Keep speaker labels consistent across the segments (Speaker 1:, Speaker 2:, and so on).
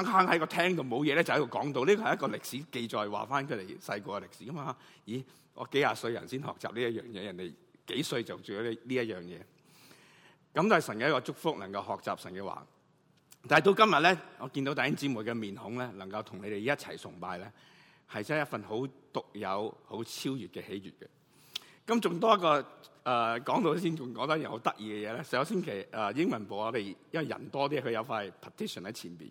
Speaker 1: 啱啱喺個廳度冇嘢咧，就喺度講到呢個係一個歷史記載，話翻佢哋細個嘅歷史噶嘛。咦，我幾廿歲人先學習呢一樣嘢，人哋幾歲就做咗呢一樣嘢。咁就係神嘅一個祝福，能夠學習神嘅話。但係到今日咧，我見到弟兄姊妹嘅面孔咧，能夠同你哋一齊崇拜咧，係真係一份好獨有、好超越嘅喜悅嘅。咁仲多一個誒、呃，講到先仲講得好得意嘅嘢咧。上星期誒英文部我哋因為人多啲，佢有一塊 partition 喺前邊。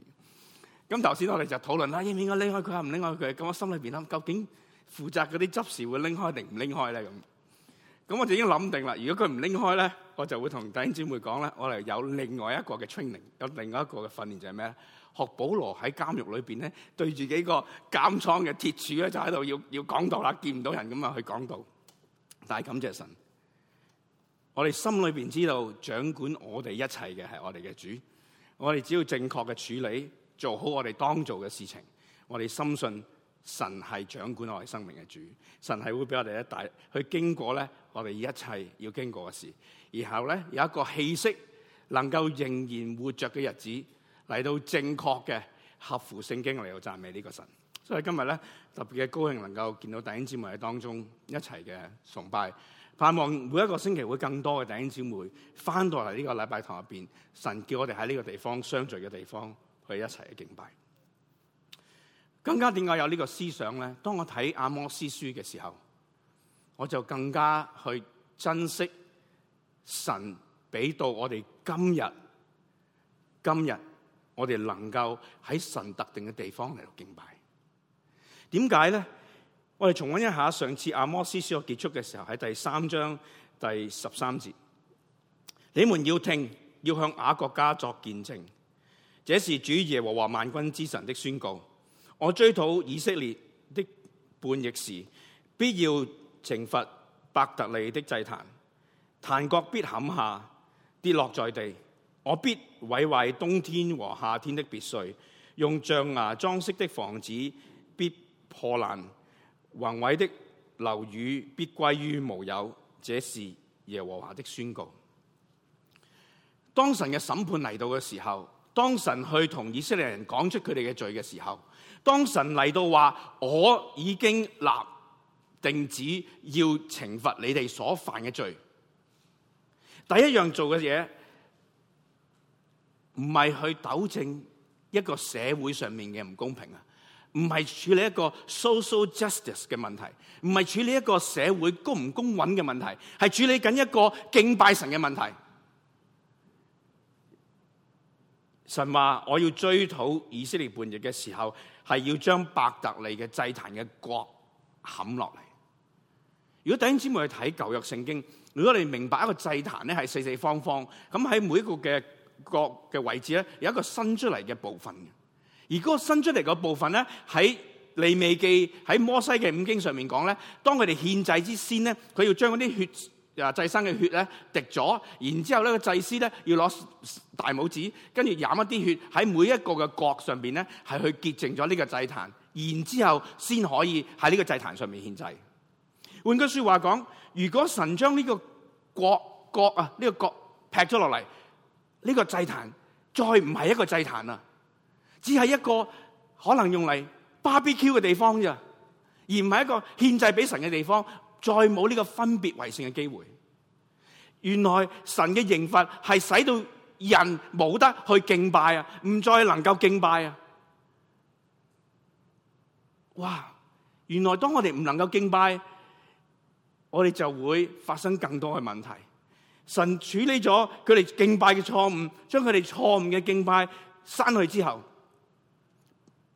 Speaker 1: 咁頭先我哋就討論啦，應唔應該拎開佢啊？唔拎開佢？咁我心裏邊諗，究竟負責嗰啲執事會拎開定唔拎開咧？咁，咁我就已經諗定啦。如果佢唔拎開咧，我就會同弟兄姊妹講咧，我哋有另外一個嘅 training，有另外一個嘅訓練就係咩咧？學保羅喺監獄裏邊咧，對住幾個監倉嘅鐵柱咧，就喺度要要講道啦，見唔到人咁啊去講道。」但係感謝神，我哋心裏邊知道掌管我哋一切嘅係我哋嘅主，我哋只要正確嘅處理。做好我哋當做嘅事情，我哋深信神係掌管我哋生命嘅主，神係會俾我哋一帶去經過咧我哋一切要經過嘅事，然後咧有一個氣息能夠仍然活着嘅日子嚟到，正確嘅合乎聖經嚟到讚美呢個神。所以今日咧特別嘅高興，能夠見到弟兄姊妹喺當中一齊嘅崇拜，盼望每一個星期會更多嘅弟兄姊妹翻到嚟呢個禮拜堂入邊，神叫我哋喺呢個地方相聚嘅地方。去一齊敬拜，更加點解有呢個思想咧？當我睇《阿摩司書》嘅時候，我就更加去珍惜神俾到我哋今日、今日我哋能夠喺神特定嘅地方嚟到敬拜。點解咧？我哋重溫一下上次《阿摩司書》結束嘅時候，喺第三章第十三節，你們要聽，要向雅各家作見證。這是主耶和華萬軍之神的宣告。我追討以色列的叛逆時，必要懲罰伯特利的祭壇，壇角必砍下，跌落在地。我必毀壞冬天和夏天的別墅，用象牙裝飾的房子必破爛，宏偉的樓宇必歸於無有。這是耶和華的宣告。當神嘅審判嚟到嘅時候，當神去同以色列人講出佢哋嘅罪嘅時候，當神嚟到話我已經立定旨要懲罰你哋所犯嘅罪，第一樣做嘅嘢唔係去糾正一個社會上面嘅唔公平啊，唔係處理一個 social justice 嘅問題，唔係處理一個社會公唔公允嘅問題，係處理緊一個敬拜神嘅問題。神話我要追討以色列叛逆嘅時候，係要將伯特利嘅祭壇嘅角砍落嚟。如果弟兄姊妹去睇舊約聖經，如果你明白一個祭壇咧係四四方方，咁喺每一個嘅角嘅位置咧，有一個伸出嚟嘅部分嘅。而嗰個伸出嚟嘅部分咧，喺利未記喺摩西嘅五經上面講咧，當佢哋獻祭之先咧，佢要將嗰啲血。又祭生嘅血咧滴咗，然之後呢個祭司咧要攞大拇指，跟住飲一啲血喺每一個嘅角上邊咧，係去潔淨咗呢個祭壇，然之後先可以喺呢個祭壇上面獻祭。換句説話講，如果神將呢個角角啊呢個角劈咗落嚟，呢個祭壇再唔係一個祭壇啦，只係一個可能用嚟 barbecue 嘅地方啫，而唔係一個獻祭俾神嘅地方。再冇呢個分別為聖嘅機會，原來神嘅刑罰係使到人冇得去敬拜啊，唔再能夠敬拜啊！哇，原來當我哋唔能夠敬拜，我哋就會發生更多嘅問題。神處理咗佢哋敬拜嘅錯誤，將佢哋錯誤嘅敬拜刪去之後，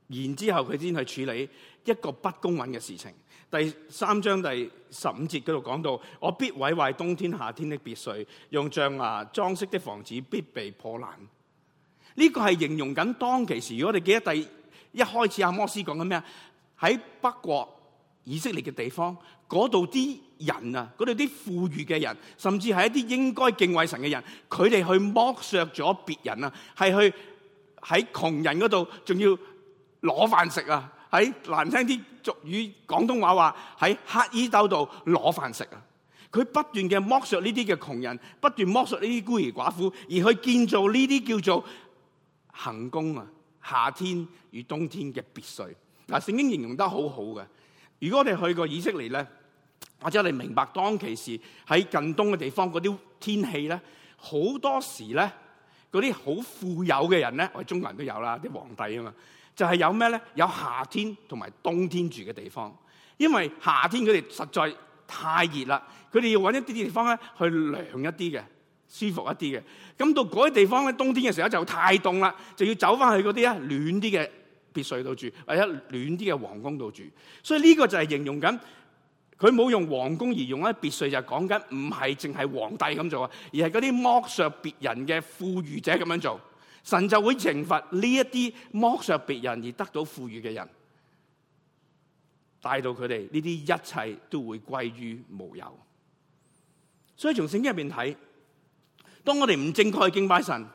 Speaker 1: 然之後佢先去處理一個不公允嘅事情。第三章第十五節嗰度講到，我必毀壞冬天夏天的別墅，用象牙裝飾的房子必被破爛。呢個係形容緊當其時，如果你記得第一,一開始阿摩斯講緊咩啊？喺北國以色列嘅地方，嗰度啲人啊，嗰度啲富裕嘅人，甚至係一啲應該敬畏神嘅人，佢哋去剝削咗別人啊，係去喺窮人嗰度仲要攞飯食啊！喺難聽啲俗語，廣東話話喺乞兒兜度攞飯食啊！佢不斷嘅剝削呢啲嘅窮人，不斷剝削呢啲孤兒寡婦，而去建造呢啲叫做行宮啊，夏天與冬天嘅別墅。嗱，聖經形容得好好嘅。如果我哋去過以色列咧，或者你明白當其時喺近東嘅地方嗰啲天氣咧，好多時咧嗰啲好富有嘅人咧，我哋中國人都有啦，啲皇帝啊嘛。就係有咩咧？有夏天同埋冬天住嘅地方，因為夏天佢哋實在太熱啦，佢哋要搵一啲地方咧去涼一啲嘅、舒服一啲嘅。咁到嗰啲地方咧，冬天嘅時候就太凍啦，就要走返去嗰啲咧暖啲嘅別墅度住，或者暖啲嘅皇宮度住。所以呢個就係形容緊，佢冇用皇宮而用咧別墅，就係講緊唔係淨係皇帝咁做啊，而係嗰啲剝削別人嘅富裕者咁樣做。神就會懲罰呢一啲剝削別人而得到富裕嘅人，帶到佢哋呢啲一切都會歸於無有。所以從聖經入邊睇，當我哋唔正確去敬拜神，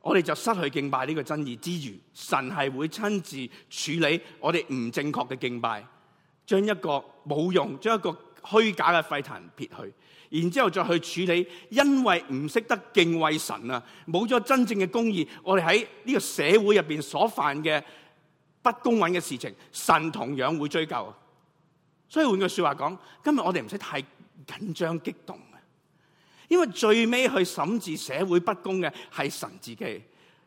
Speaker 1: 我哋就失去敬拜呢個真義之餘，神係會親自處理我哋唔正確嘅敬拜，將一個冇用、將一個虛假嘅廢壇撇去。然之後再去處理，因為唔識得敬畏神啊，冇咗真正嘅公義，我哋喺呢個社會入面所犯嘅不公允嘅事情，神同樣會追究。所以換句說話講，今日我哋唔使太緊張激動啊，因為最尾去審視社會不公嘅係神自己。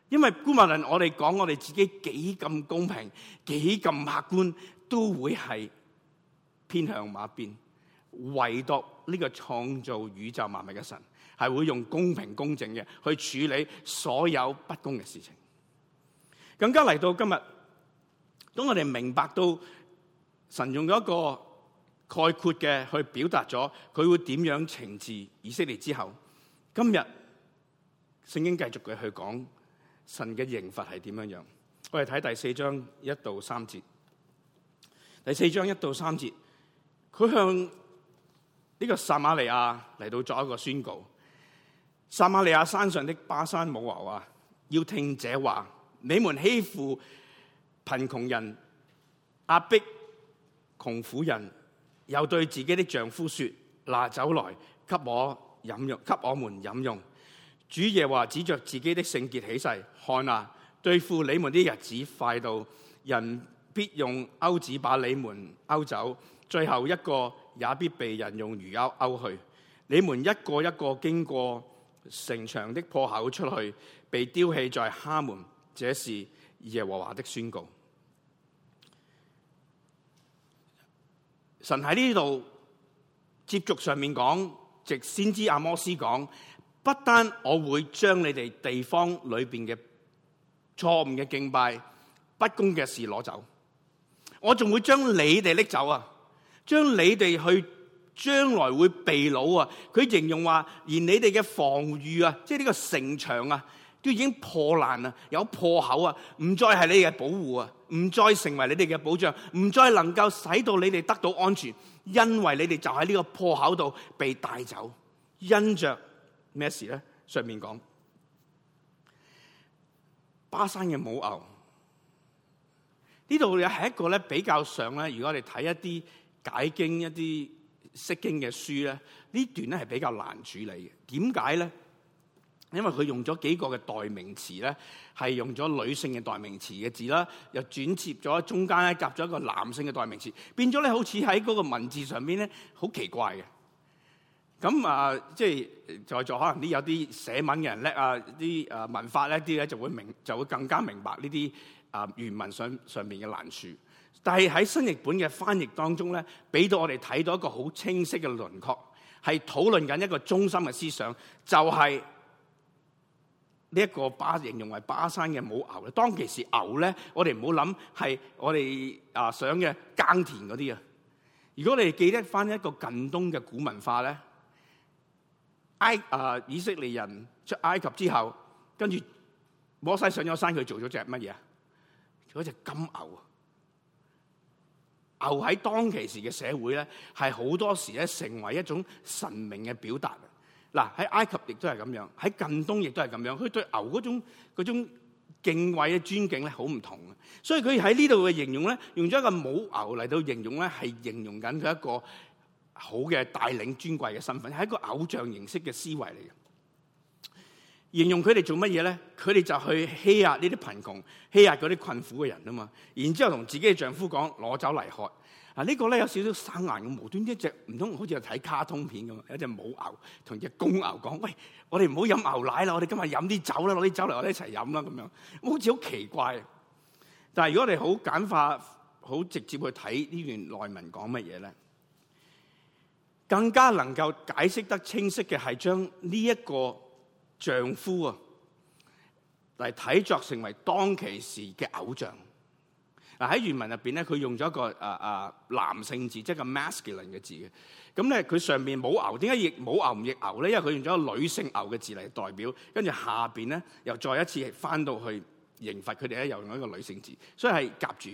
Speaker 1: 因為姑勿論，我哋講我哋自己幾咁公平、幾咁客觀，都會係偏向哪邊？唯獨呢個創造宇宙萬物嘅神，係會用公平公正嘅去處理所有不公嘅事情。更加嚟到今日，當我哋明白到神用咗一個概括嘅去表達咗佢會點樣懲治以色列之後，今日聖經繼續嘅去講神嘅刑罰係點樣樣。我哋睇第四章一到三節，第四章一到三節，佢向呢個撒瑪利亞嚟到作一個宣告。撒瑪利亞山上的巴珊母牛啊，要聽這話：你們欺負貧窮人、壓迫窮苦人，又對自己的丈夫說：拿酒來，給我飲用，給我們飲用。主耶華指着自己的聖潔起誓：看啊，對付你們的日子快到，人必用鈎子把你們鈎走。最後一個。也必被人用魚鈎鈎去。你們一個一個經過城牆的破口出去，被丟棄在哈門。這是耶和華的宣告。神喺呢度接觸上面講，即先知阿摩司講：不單我會將你哋地方裏邊嘅錯誤嘅敬拜、不公嘅事攞走，我仲會將你哋拎走啊！將你哋去將來會被擄啊！佢形容話，而你哋嘅防禦啊，即係呢個城牆啊，都已經破爛啊，有破口啊，唔再係你哋嘅保護啊，唔再成為你哋嘅保障，唔再能夠使到你哋得到安全，因為你哋就喺呢個破口度被帶走。因着咩事咧？上面講巴山嘅母牛呢度又係一個咧比較上咧，如果我哋睇一啲。解經一啲釋經嘅書咧，呢段咧係比較難處理嘅。點解咧？因為佢用咗幾個嘅代名詞咧，係用咗女性嘅代名詞嘅字啦，又轉接咗中間咧，夾咗一個男性嘅代名詞，變咗咧好似喺嗰個文字上邊咧，好奇怪嘅。咁啊，即係在座可能啲有啲寫文嘅人叻啊，啲、呃、啊文法呢啲咧，就會明就會更加明白呢啲啊原文上上面嘅難處。但係喺新譯本嘅翻譯當中咧，俾到我哋睇到一個好清晰嘅輪廓，係討論緊一個中心嘅思想，就係呢一個巴形容為巴山嘅母牛。當其時牛咧，我哋唔好諗係我哋啊想嘅耕田嗰啲啊。如果你哋記得翻一個近東嘅古文化咧，埃啊以色列人出埃及之後，跟住摩西上咗山了什麼，佢做咗隻乜嘢啊？嗰隻金牛啊！牛喺當其時嘅社會咧，係好多時咧成為一種神明嘅表達，嗱，喺埃及亦都係咁樣，喺近東亦都係咁樣，佢對牛嗰種嗰種敬畏嘅尊敬咧，好唔同嘅。所以佢喺呢度嘅形容咧，用咗一個母牛嚟到形容咧，係形容緊佢一個好嘅帶領、尊貴嘅身份，係一個偶像形式嘅思維嚟嘅。形容佢哋做乜嘢咧？佢哋就去欺壓呢啲貧窮、欺壓嗰啲困苦嘅人啊嘛！然之後同自己嘅丈夫講攞酒嚟喝啊！呢、呢個咧有少少生硬，無端一隻唔通好似睇卡通片咁啊！有隻母牛同隻公牛講：喂，我哋唔好飲牛奶啦，我哋今日飲啲酒啦，攞啲酒嚟我哋一齊飲啦咁樣，好似好奇怪。但係如果我哋好簡化、好直接去睇呢段內文講乜嘢咧，更加能夠解釋得清晰嘅係將呢一個。丈夫啊，嚟睇作成為當其時嘅偶像。嗱，喺原文入邊咧，佢用咗一個啊啊、呃呃、男性字，即係個 masculine 嘅字嘅。咁咧佢上面冇牛，點解亦冇牛唔亦牛咧？因為佢用咗個女性牛嘅字嚟代表，跟住下邊咧又再一次翻到去刑罰佢哋咧，又用一個女性字，所以係夾住。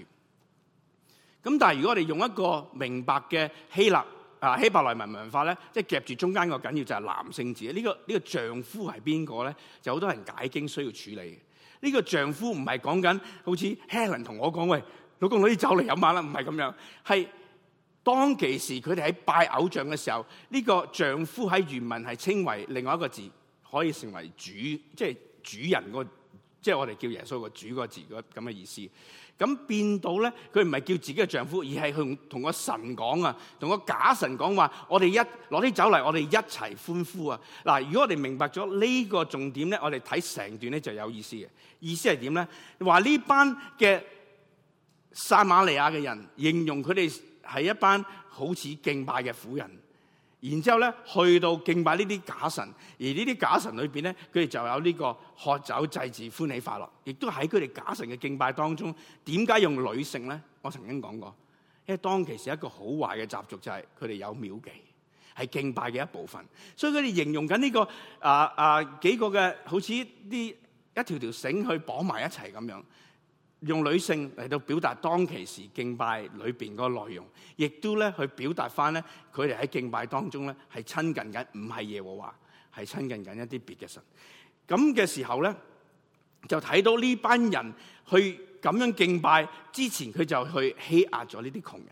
Speaker 1: 咁但係如果我哋用一個明白嘅希臘。啊希伯來文文化咧，即係夾住中間個緊要就係男性字，呢個呢個丈夫係邊個咧？就好多人解經需要處理。呢個丈夫唔係講緊好似 Helen 同我講喂，老公攞啲酒嚟飲吓啦，唔係咁樣，係當其時佢哋喺拜偶像嘅時候，呢個丈夫喺原文係稱為另外一個字，可以成為主，即係主人個，即係我哋叫耶穌個主個字，個咁嘅意思。咁變到咧，佢唔係叫自己嘅丈夫，而係佢同個神講啊，同個假神講話，我哋一攞啲酒嚟，我哋一齊歡呼啊！嗱，如果我哋明白咗呢個重點咧，我哋睇成段咧就有意思嘅。意思係點咧？話呢班嘅撒瑪利亞嘅人，形容佢哋係一班好似敬拜嘅婦人。然之後咧，去到敬拜呢啲假神，而呢啲假神裏邊咧，佢哋就有呢個喝酒祭祀、歡喜快樂，亦都喺佢哋假神嘅敬拜當中。點解用女性咧？我曾經講過，因為當其時一個好壞嘅習俗，就係佢哋有廟妓，係敬拜嘅一部分。所以佢哋形容緊呢、這個啊啊、呃呃、幾個嘅，好似啲一條條繩去綁埋一齊咁樣。用女性嚟到表達當其時敬拜裏邊個內容，亦都咧去表達翻咧佢哋喺敬拜當中咧係親近緊，唔係耶和華，係親近緊一啲別嘅神。咁嘅時候咧，就睇到呢班人去咁樣敬拜之前，佢就去欺壓咗呢啲窮人，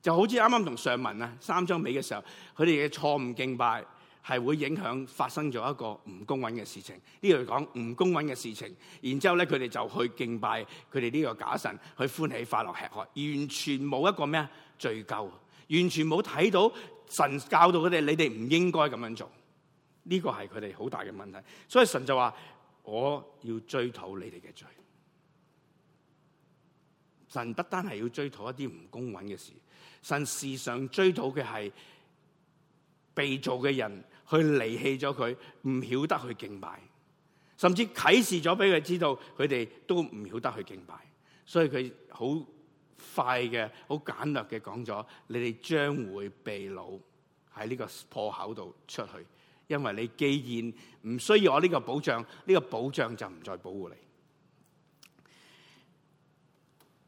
Speaker 1: 就好似啱啱同上文啊三章尾嘅時候，佢哋嘅錯誤敬拜。係會影響發生咗一個唔公允嘅事情。呢度講唔公允嘅事情，然之後咧佢哋就去敬拜佢哋呢個假神，去歡喜快樂吃喝，完全冇一個咩罪咎，完全冇睇到神教導佢哋，你哋唔應該咁樣做。呢、這個係佢哋好大嘅問題。所以神就話：我要追討你哋嘅罪。神不單係要追討一啲唔公允嘅事，神事實上追討嘅係被造嘅人去離棄咗佢，唔曉得去敬拜，甚至啟示咗俾佢知道，佢哋都唔曉得去敬拜，所以佢好快嘅、好簡略嘅講咗：你哋將會被擄喺呢個破口度出去，因為你既然唔需要我呢個保障，呢個保障就唔再保護你。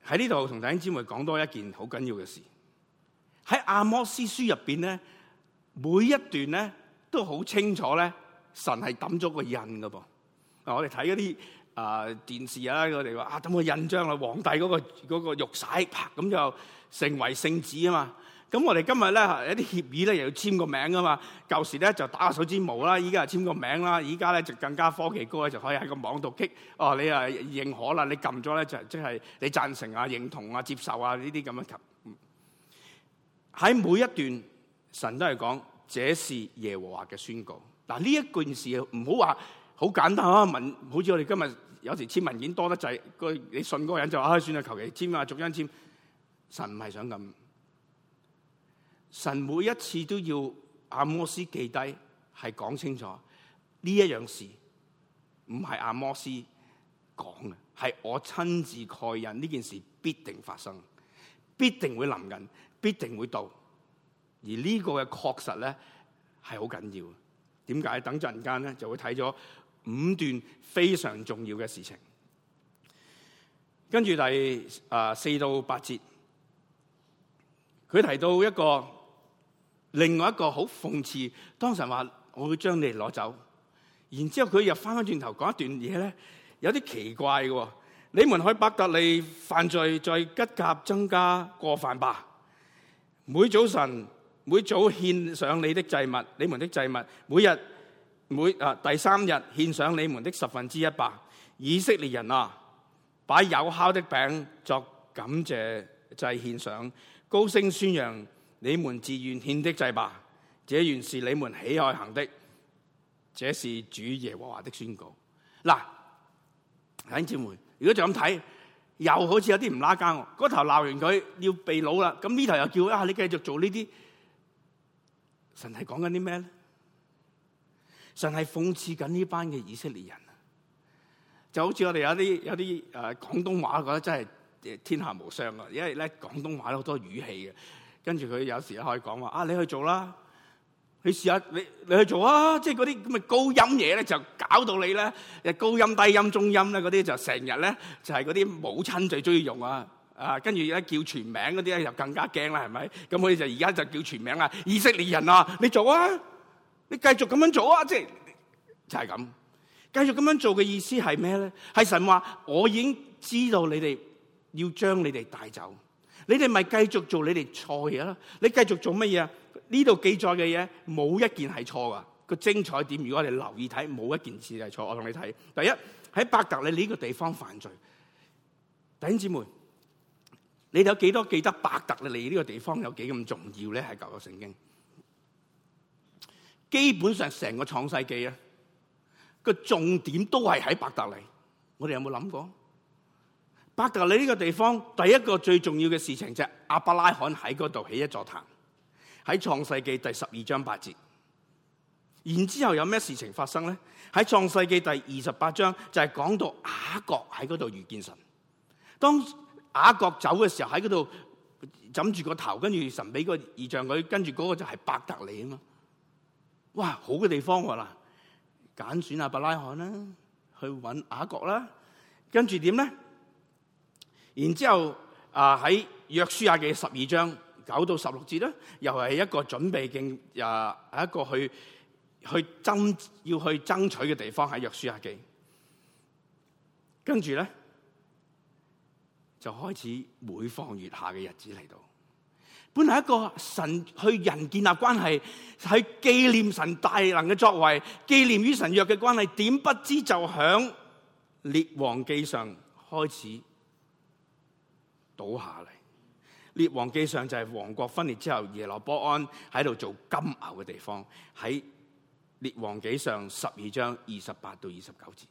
Speaker 1: 喺呢度我同弟兄姐妹講多一件好緊要嘅事，喺阿摩司書入邊咧，每一段咧。都好清楚咧，神係揼咗個印噶噃。嗱，我哋睇嗰啲啊電視啊，佢哋話啊，揼個印章啊，皇帝嗰個嗰個玉璽，啪咁就成為聖旨啊嘛。咁我哋今日咧，一啲協議咧，又要簽個名啊嘛。舊時咧就打下手指模啦，依家簽個名啦，依家咧就更加科技高，就可以喺個網度激。哦，你啊認可啦，你撳咗咧就即係你贊成啊、認同啊、接受啊呢啲咁嘅。喺每一段，神都係講。這是耶和華嘅宣告。嗱，呢一件事唔好話好簡單啊。文，好似我哋今日有時簽文件多得滯，佢你信嗰個人就唉，算啦，求其簽啊，逐張簽。神唔係想咁，神每一次都要阿摩斯記低，係講清楚呢一樣事，唔係阿摩斯講嘅，係我親自蓋印。呢件事必定發生，必定會臨近，必定會到。而呢個嘅確實咧係好緊要的，點解？等陣間咧就會睇咗五段非常重要嘅事情。跟住第啊四到八節，佢提到一個另外一個好諷刺，當時話我會將你攞走，然之後佢又翻翻轉頭講一段嘢咧，有啲奇怪嘅。你們喺伯特利犯罪，再吉甲增加過犯吧？每早晨。每早獻上你的祭物，你們的祭物，每日每啊第三日獻上你們的十分之一吧。以色列人啊，把有酵的餅作感謝祭獻上，高聲宣揚你們自願獻的祭吧。這原是你們喜愛行的，這是主耶和華的宣告。嗱，兄弟兄們，如果就咁睇，又好似有啲唔拉更喎。嗰頭鬧完佢要避腦啦，咁呢頭又叫一下、啊，你繼續做呢啲。神係講緊啲咩咧？神係諷刺緊呢班嘅以色列人，就好似我哋有啲有啲誒廣東話覺得真係天下無雙啊！因為咧廣東話好多語氣嘅，跟住佢有時可以講話啊，你去做啦，你試下你你去做啊！即係嗰啲咁嘅高音嘢咧，就搞到你咧，高音低音中音咧，嗰啲就成日咧就係嗰啲母親最中意用啊。啊，跟住一叫全名嗰啲咧就更加驚啦，係咪？咁我哋就而家就叫全名啦。以色列人啊，你做啊，你繼續咁樣做啊，即係就係、是、咁。繼、就是、續咁樣做嘅意思係咩咧？係神話，我已經知道你哋要將你哋帶走，你哋咪繼續做你哋錯嘢啦。你繼續做乜嘢？呢度記載嘅嘢冇一件係錯噶，個精彩點，如果我哋留意睇，冇一件事係錯。我同你睇，第一喺伯特利呢個地方犯罪，弟兄姊妹。你哋有幾多記得伯特利呢個地方有幾咁重要咧？係舊約聖經，基本上成個創世紀咧，個重點都係喺伯特利。我哋有冇諗過？伯特利呢個地方，第一個最重要嘅事情就係阿伯拉罕喺嗰度起一座壇，喺創世紀第十二章八節。然之後有咩事情發生咧？喺創世紀第二十八章就係講到雅各喺嗰度遇見神。當雅各走嘅時候喺嗰度枕住個頭，跟住神俾個異象佢，跟住嗰個就係伯特利啊嘛。哇，好嘅地方喎啦，揀選亞伯拉罕啦，去揾雅各啦，跟住點咧？然之後啊喺約書亞記十二章九到十六節咧，又係一個準備勁啊，一個去去爭要去爭取嘅地方喺約書亞記。跟住咧。就開始每況愈下嘅日子嚟到，本來一個神去人建立關係，係紀念神大能嘅作為，紀念與神約嘅關係，點不知就響列王記上開始倒下嚟。列王記上就係王國分裂之後，耶羅波安喺度做金牛嘅地方，喺列王記上十二章二十八到二十九節。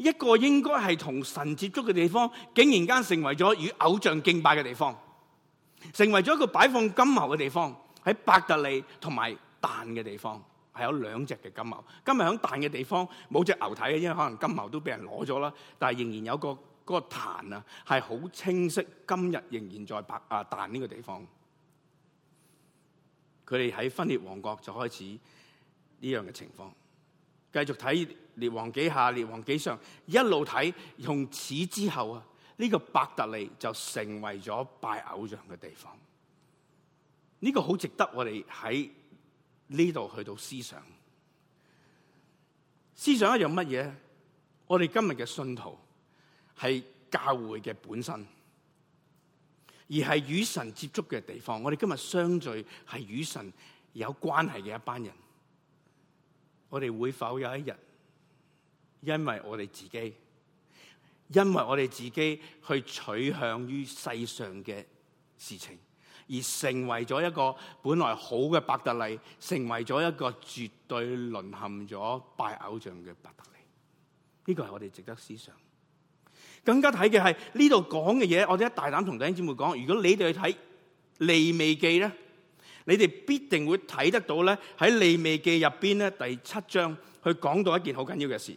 Speaker 1: 一個應該係同神接觸嘅地方，竟然間成為咗與偶像敬拜嘅地方，成為咗一個擺放金牛嘅地方。喺伯特利同埋但嘅地方，係有兩隻嘅金牛。今日響但嘅地方冇隻牛睇，因為可能金牛都俾人攞咗啦。但係仍然有個嗰、那個壇啊，係好清晰。今日仍然在伯啊但呢個地方。佢哋喺分裂王國就開始呢樣嘅情況，繼續睇。列王紀下，列王紀上，一路睇。從此之後啊，呢、這個伯特利就成為咗拜偶像嘅地方。呢、這個好值得我哋喺呢度去到思想。思想一樣乜嘢？我哋今日嘅信徒係教會嘅本身，而係與神接觸嘅地方。我哋今日相聚係與神有關係嘅一班人。我哋會否有一日，因為我哋自己，因為我哋自己去取向於世上嘅事情，而成為咗一個本來好嘅伯特利，成為咗一個絕對淪陷咗拜偶像嘅伯特利。呢個係我哋值得思想。更加睇嘅係呢度講嘅嘢，我哋一大膽同弟兄姐妹講：，如果你哋去睇利未記咧，你哋必定會睇得到咧，喺利未記入邊咧第七章去講到一件好緊要嘅事。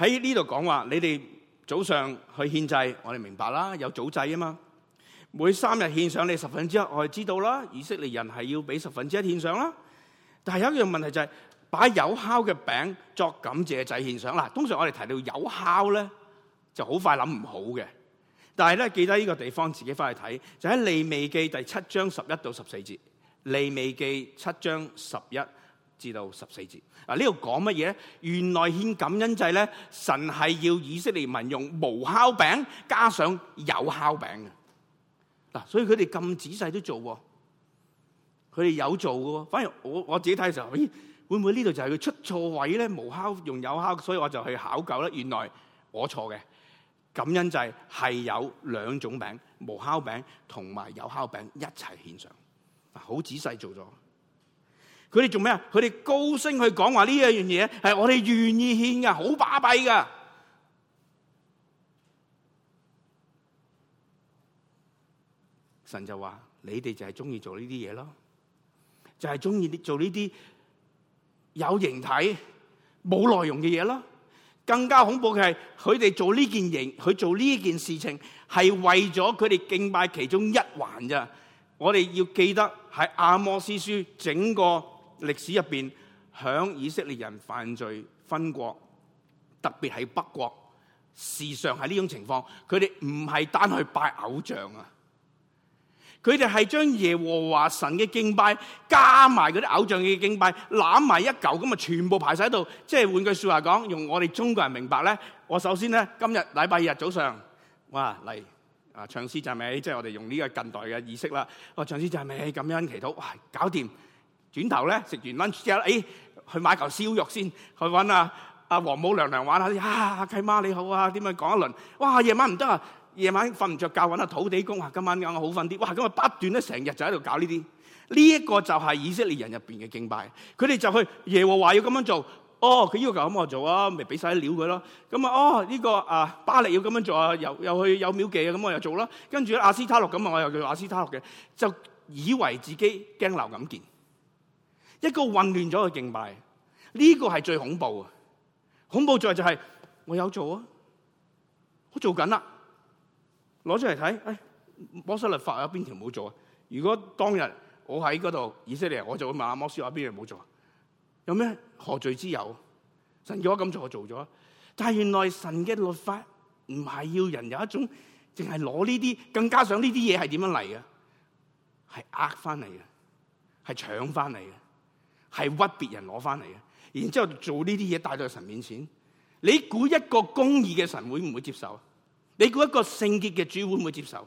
Speaker 1: 喺呢度講話，你哋早上去獻祭，我哋明白啦，有早祭啊嘛。每三日獻上你十分之一，我哋知道啦。以色列人係要俾十分之一獻上啦。但係有一樣問題就係、是，把有酵嘅餅作感謝祭獻上啦。通常我哋提到有酵咧，就很快想不好快諗唔好嘅。但係咧，記得呢個地方自己翻去睇，就喺利未記第七章十一到十四節。利未記七章十一。至到十四節，嗱，呢度講乜嘢咧？原來獻感恩祭咧，神係要以色列民用無酵餅加上有酵餅嘅嗱，所以佢哋咁仔細都做，佢哋有做嘅。反而我我自己睇嘅時候，咦，會唔會呢度就係佢出錯位咧？無酵用有酵，所以我就去考究咧。原來我錯嘅感恩祭係有兩種餅，無酵餅同埋有酵餅一齊獻上，好仔細做咗。佢哋做咩啊？佢哋高聲去講話呢一樣嘢，係我哋願意獻噶，好巴閉噶。神就話：你哋就係中意做呢啲嘢咯，就係中意做呢啲有形體、冇內容嘅嘢咯。更加恐怖嘅係，佢哋做呢件形，佢做呢件事情，係為咗佢哋敬拜其中一環啫。我哋要記得喺阿摩司書整個。歷史入邊，響以色列人犯罪分國，特別係北國，事實上係呢種情況。佢哋唔係單去拜偶像啊，佢哋係將耶和華神嘅敬拜加埋嗰啲偶像嘅敬拜，攬埋一嚿咁啊，全部排晒喺度。即係換句説話講，用我哋中國人明白咧，我首先咧，今日禮拜二日早上，哇嚟啊，唱詩讚美，即係我哋用呢個近代嘅意識啦。我唱詩讚美咁樣祈禱，哇，搞掂。轉頭咧食完 lunch 之後，誒、哎、去買嚿燒肉先，去揾阿阿王母娘娘玩下先。啊契媽你好啊，點樣講一輪。哇夜晚唔得啊，夜晚瞓唔着覺揾下、啊、土地公啊，今晚咁好瞓啲。哇咁啊不斷咧成日就喺度搞呢啲。呢、這、一個就係以色列人入邊嘅敬拜，佢哋就去耶和華要咁樣做。哦佢要求咁我做啊，咪俾晒啲料佢咯。咁啊哦呢、這個啊巴力要咁樣做啊，又又去有廟記啊咁我又做啦。跟住阿斯塔洛咁啊我又叫阿斯塔洛嘅，就以為自己驚流感健。一個混亂咗嘅敬拜，呢、這個係最恐怖嘅。恐怖在就係、是，我有做啊，我做緊啦，攞出嚟睇、哎。摩西律法有邊條冇做啊？如果當日我喺嗰度以色列，我就會問阿摩司，話邊條冇做？有咩何罪之有？神叫我咁做，我做咗。但係原來神嘅律法唔係要人有一種淨係攞呢啲，更加上呢啲嘢係點樣嚟嘅？係壓翻嚟嘅，係搶翻嚟嘅。係屈別人攞翻嚟嘅，然之後做呢啲嘢帶到神面前，你估一個公義嘅神會唔會接受？你估一個聖潔嘅主會唔會接受？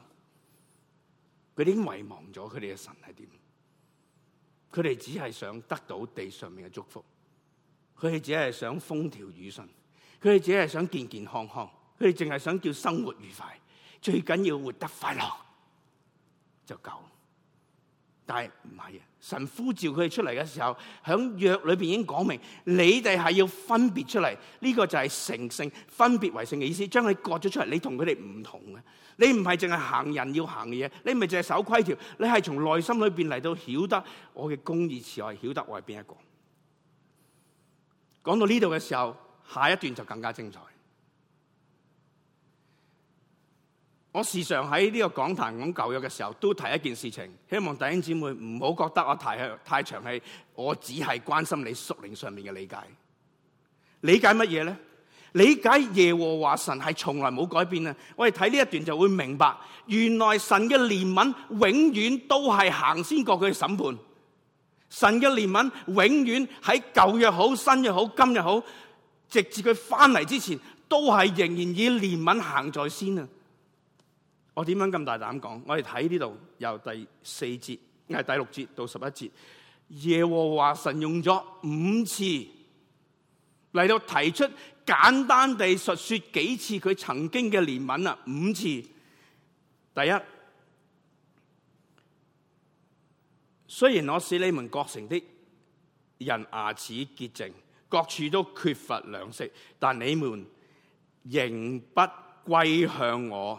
Speaker 1: 佢哋已經遺忘咗佢哋嘅神係點？佢哋只係想得到地上面嘅祝福，佢哋只係想風調雨順，佢哋只係想健健康康，佢哋淨係想叫生活愉快，最緊要活得快樂就夠。但係唔係啊？神呼召佢哋出嚟嘅時候，喺約裏邊已經講明，你哋係要分別出嚟。呢、這個就係成聖、分別為聖嘅意思，將你割咗出嚟。你同佢哋唔同嘅，你唔係淨係行人要行嘅嘢，你咪淨係守規條，你係從內心裏邊嚟到曉得我嘅公義慈愛，曉得我係邊一個。講到呢度嘅時候，下一段就更加精彩。我時常喺呢個講壇講舊約嘅時候，都提一件事情，希望弟兄姊妹唔好覺得我提太，太長氣。我只係關心你屬靈上面嘅理解，理解乜嘢咧？理解耶和華神係從來冇改變啊！我哋睇呢一段就會明白，原來神嘅憐憫永遠都係行先過佢嘅審判。神嘅憐憫永遠喺舊約好、新約好、今日好，直至佢翻嚟之前，都係仍然以憐憫行在先啊！我點樣咁大膽講？我哋睇呢度由第四節係第六節到十一節，耶和華神用咗五次嚟到，提出簡單地述說幾次佢曾經嘅憐憫啊！五次，第一，雖然我使你們各城的人牙齒潔淨，各處都缺乏糧食，但你們仍不歸向我。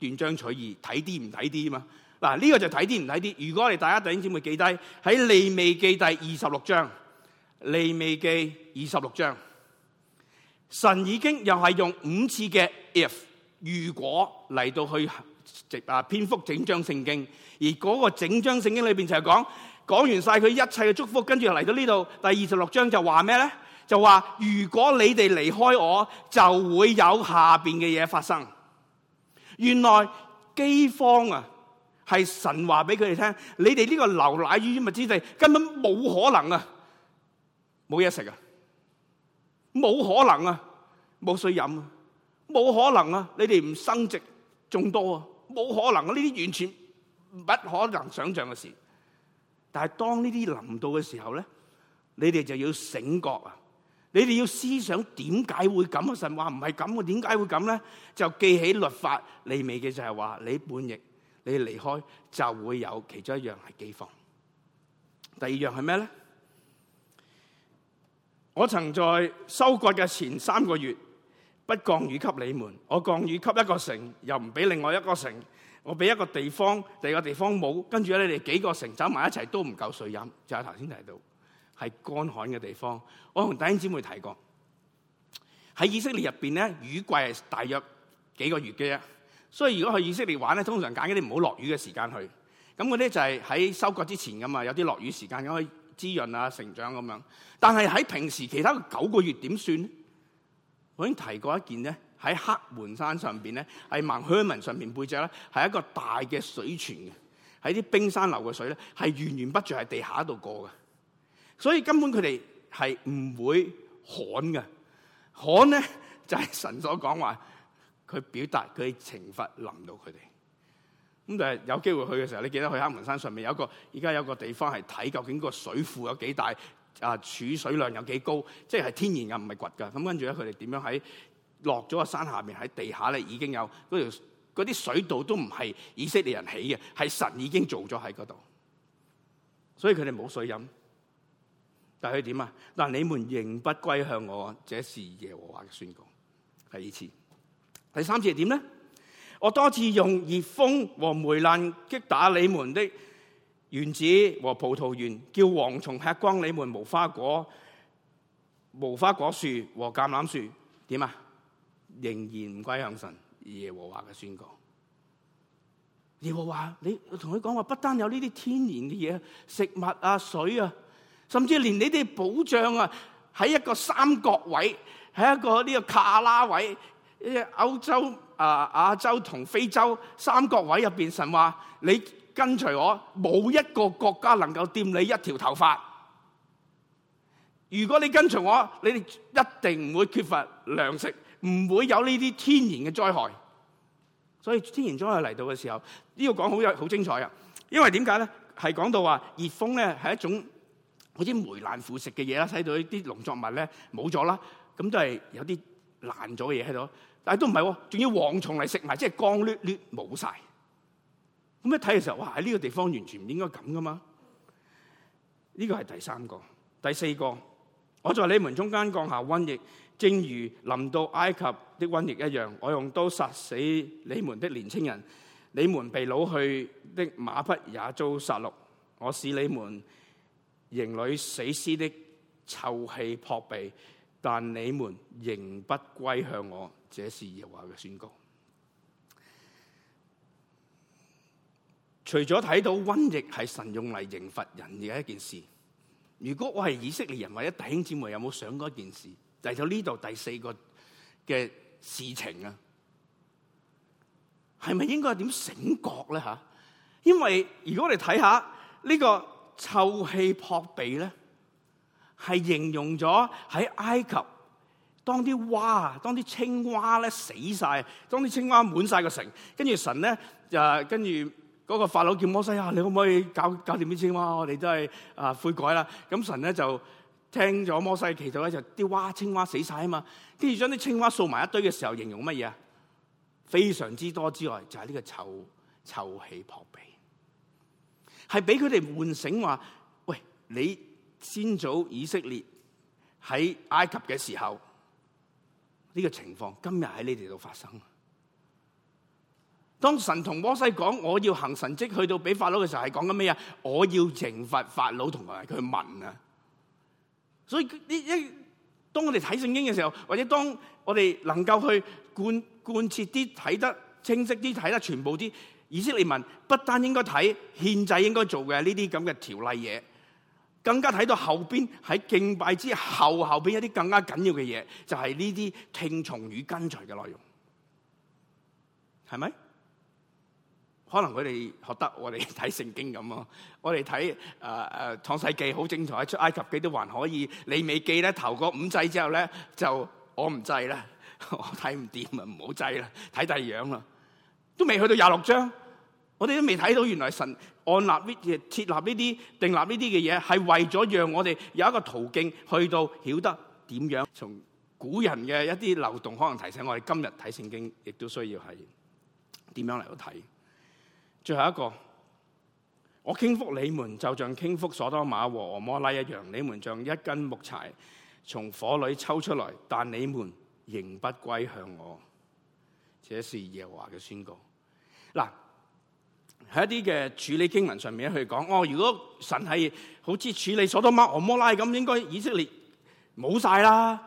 Speaker 1: 斷章取義，睇啲唔睇啲啊嘛！嗱，呢個就睇啲唔睇啲。如果我哋大家突然間會記低喺利未記第二十六章，利未記二十六章，神已經又係用五次嘅 if 如果嚟到去啊篇幅整章聖經，而嗰個整章聖經裏邊就係講講完晒佢一切嘅祝福，跟住又嚟到呢度第二十六章就話咩咧？就話如果你哋離開我，就會有下邊嘅嘢發生。原來饑荒啊，係神話俾佢哋聽，你哋呢個流奶與蜜之地根本冇可能啊，冇嘢食啊，冇可能啊，冇水飲啊，冇可能啊，你哋唔生殖仲多啊，冇可能啊，呢啲完全不可能想象嘅事。但係當呢啲臨到嘅時候咧，你哋就要醒覺啊！你哋要思想點解會咁嘅，神話話唔係咁喎，點解會咁咧？就記起律法你未嘅就係話，你叛逆，你離開就會有其中一樣係饑荒。第二樣係咩咧？我曾在收割嘅前三個月不降雨給你們，我降雨給一個城，又唔俾另外一個城，我俾一個地方，第二個地方冇，跟住咧，你哋幾個城走埋一齊都唔夠水飲，就係頭先提到。係乾旱嘅地方，我同弟兄姊妹提過，喺以色列入邊咧，雨季係大約幾個月嘅啫。所以如果去以色列玩咧，通常揀嗰啲唔好落雨嘅時間去。咁嗰啲就係喺收割之前㗎嘛，有啲落雨時間可以滋潤啊、成長咁樣。但係喺平時其他九個月點算咧？我已經提過一件呢，喺黑門山上邊咧，係盲鄉民上邊背脊咧，係一個大嘅水泉嘅，喺啲冰山流嘅水咧，係源源不絕喺地下度過嘅。所以根本佢哋係唔會旱嘅，旱咧就係、是、神所講話，佢表達佢懲罰臨到佢哋。咁但係有機會去嘅時候，你記得去黑門山上面有一個而家有個地方係睇究竟個水庫有幾大啊，儲水量有幾高，即係天然嘅唔係掘嘅。咁跟住咧，佢哋點樣喺落咗個山下面，喺地下咧已經有嗰條嗰啲水道都唔係以色列人起嘅，係神已經做咗喺嗰度。所以佢哋冇水飲。但佢點啊？但你們仍不歸向我，這是耶和華嘅宣告。第二次，第三次係點咧？我多次用熱風和黴爛擊打你們的園子和葡萄園，叫蝗蟲吃光你們無花果、無花果樹和橄欖樹。點啊？仍然唔歸向神。耶和華嘅宣告。耶和華，你同佢講話，不單有呢啲天然嘅嘢，食物啊，水啊。甚至連你哋保障啊，喺一個三角位，喺一個呢個卡拉位，歐洲、啊、呃、亞洲同非洲三角位入邊，神話你跟隨我，冇一個國家能夠掂你一條頭髮。如果你跟隨我，你哋一定唔會缺乏糧食，唔會有呢啲天然嘅災害。所以天然災害嚟到嘅時候，呢、這個講好有好精彩啊！因為點解咧？係講到話熱風咧係一種。嗰啲霉爛腐蝕嘅嘢啦，睇到呢啲農作物咧冇咗啦，咁都係有啲爛咗嘅嘢喺度，但係都唔係，仲要蝗蟲嚟食埋，即係光禿禿冇晒。咁一睇嘅時候，哇！喺呢個地方完全唔應該咁噶嘛。呢個係第三個、第四個。我在你們中間降下瘟疫，正如臨到埃及的瘟疫一樣。我用刀殺死你們的年青人，你們被擄去的馬匹也遭殺戮。我使你們。營裏死屍的臭氣撲鼻，但你們仍不歸向我，這是耶和華嘅宣告。除咗睇到瘟疫係神用嚟刑罰人嘅一件事，如果我係以色列人或者弟兄姊妹，有冇想過一件事？嚟到呢度第四個嘅事情啊，係咪應該點醒覺咧？吓，因為如果我哋睇下呢個。臭氣撲鼻咧，係形容咗喺埃及，當啲蛙啊，當啲青蛙咧死晒，當啲青蛙滿晒個城，跟住神咧就跟住嗰個法老叫摩西啊，你可唔可以搞搞掂啲青蛙？我哋都係啊悔改啦。咁、啊、神咧就聽咗摩西祈禱，其實咧就啲蛙青蛙死晒啊嘛。跟住將啲青蛙掃埋一堆嘅時候，形容乜嘢？非常之多之外，就係、是、呢個臭臭氣撲鼻。係俾佢哋喚醒話，喂，你先祖以色列喺埃及嘅時候呢、這個情況，今日喺你哋度發生。當神同摩西講我要行神跡，去到俾法老嘅時候，係講緊咩嘢？我要懲罰法老同埋佢民啊！所以呢一當我哋睇聖經嘅時候，或者當我哋能夠去貫貫徹啲睇得清晰啲睇得全部啲。以色列民不單應該睇獻祭應該做嘅呢啲咁嘅條例嘢，更加睇到後邊喺敬拜之後，後邊一啲更加緊要嘅嘢，就係呢啲聽從與跟隨嘅內容，係咪？可能佢哋覺得我哋睇聖經咁咯，我哋睇誒誒創世記好精彩，出埃及記都還可以，利未記咧頭個五祭之後咧就我唔制啦，我睇唔掂啊，唔好制啦，睇第二樣啦，都未去到廿六章。我哋都未睇到，原來神按立呢啲設立呢啲定立呢啲嘅嘢，係為咗讓我哋有一個途徑去到曉得點樣。從古人嘅一啲漏洞，可能提醒我哋今日睇聖經，亦都需要係點樣嚟到睇。最後一個，我傾覆你們，就像傾覆所多瑪和蛾摩拉一樣，你們像一根木柴從火裏抽出來，但你們仍不歸向我。這是耶和華嘅宣告。嗱。喺一啲嘅處理經文上面去講，哦，如果神係好似處理所多瑪、俄摩拉咁，應該以色列冇晒啦。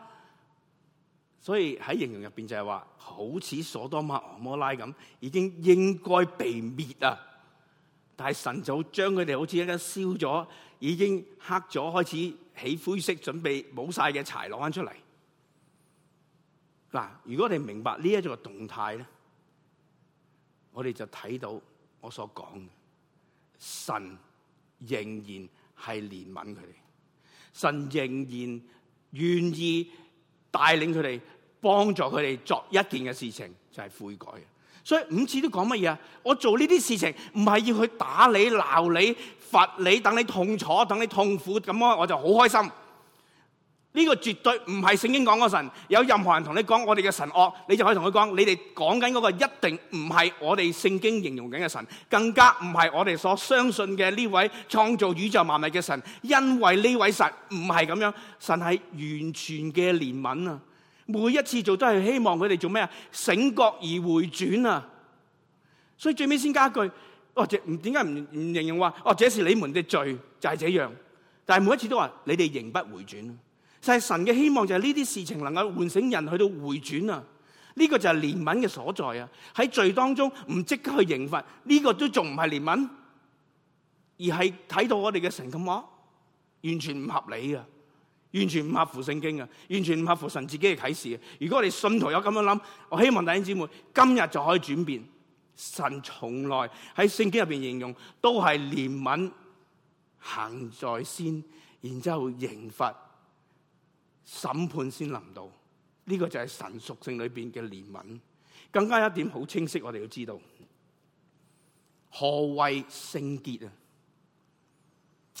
Speaker 1: 所以喺形容入邊就係話，好似所多瑪、俄摩拉咁，已經應該被滅啊。但係神就將佢哋好似一家燒咗，已經黑咗，開始起灰色，準備冇晒嘅柴攞翻出嚟。嗱，如果你明白呢一個動態咧，我哋就睇到。我所講嘅，神仍然係憐憫佢哋，神仍然願意帶領佢哋，幫助佢哋作一件嘅事情，就係悔改。所以五次都講乜嘢啊？我做呢啲事情唔係要去打你、鬧你、罰你，等你痛楚、等你痛苦，咁我我就好開心。呢個絕對唔係聖經講嗰神。有任何人同你講我哋嘅神惡，你就可以同佢講，你哋講緊嗰個一定唔係我哋聖經形容緊嘅神，更加唔係我哋所相信嘅呢位創造宇宙萬物嘅神。因為呢位神唔係咁樣，神係完全嘅憐憫啊！每一次做都係希望佢哋做咩啊？醒覺而回轉啊！所以最尾先加一句，哦，即係唔點解唔唔形容話哦，這是你們嘅罪就係這樣，但係每一次都話你哋仍不回轉。就係神嘅希望，就係呢啲事情能夠喚醒人去到回轉啊！呢個就係憐憫嘅所在啊！喺罪當中唔即刻去刑罰呢個都仲唔係憐憫，而係睇到我哋嘅神咁話啊，完全唔合理啊，完全唔合乎聖經啊，完全唔合乎神自己嘅啟示啊，如果我哋信徒有咁樣諗，我希望弟兄姐妹今日就可以轉變。神從來喺聖經入邊形容都係憐憫行在先，然之後刑罰。審判先臨到，呢、這個就係神屬性裏邊嘅憐憫。更加一點好清晰，我哋要知道何謂聖潔啊？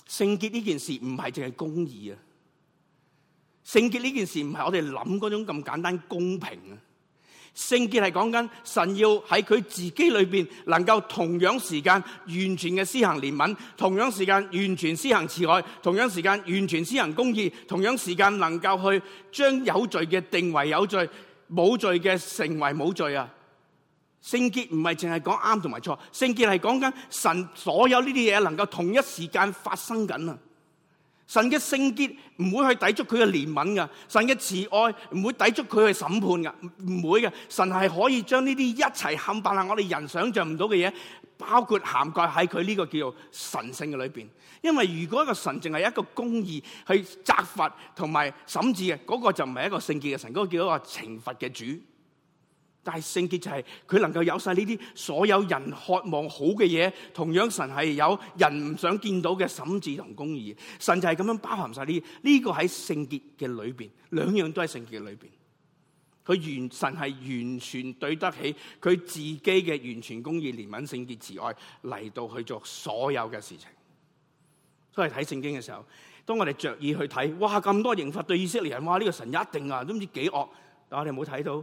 Speaker 1: 聖潔呢件事唔係淨係公義啊，聖潔呢件事唔係我哋諗嗰種咁簡單公平啊。聖潔係講緊神要喺佢自己裏邊能夠同樣時間完全嘅施行憐憫，同樣時間完全施行慈愛，同樣時間完全施行公義，同樣時間能夠去將有罪嘅定為有罪，冇罪嘅成為冇罪啊！聖潔唔係淨係講啱同埋錯，聖潔係講緊神所有呢啲嘢能夠同一時間發生緊啊！神嘅聖潔唔會去抵觸佢嘅憐憫噶，神嘅慈愛唔會抵觸佢去審判噶，唔會嘅。神係可以將呢啲一切冚唪唥我哋人想象唔到嘅嘢，包括涵蓋喺佢呢個叫做神聖嘅裏邊。因為如果一個神淨係一個公義去責罰同埋審判嘅，嗰、嗰個就唔係一個聖潔嘅神，嗰、嗰個叫一個懲罰嘅主。但係聖潔就係佢能夠有晒呢啲所有人渴望好嘅嘢，同樣神係有人唔想見到嘅審字同公義，神就係咁樣包含晒呢啲。呢個喺聖潔嘅裏邊，兩樣都係聖潔裏邊。佢完神係完全對得起佢自己嘅完全公義、憐憫、聖潔、慈愛嚟到去做所有嘅事情。所以睇聖經嘅時候，當我哋着意去睇，哇咁多刑罰對以色列人，哇呢個神一定啊，都唔知幾惡，但我哋冇睇到。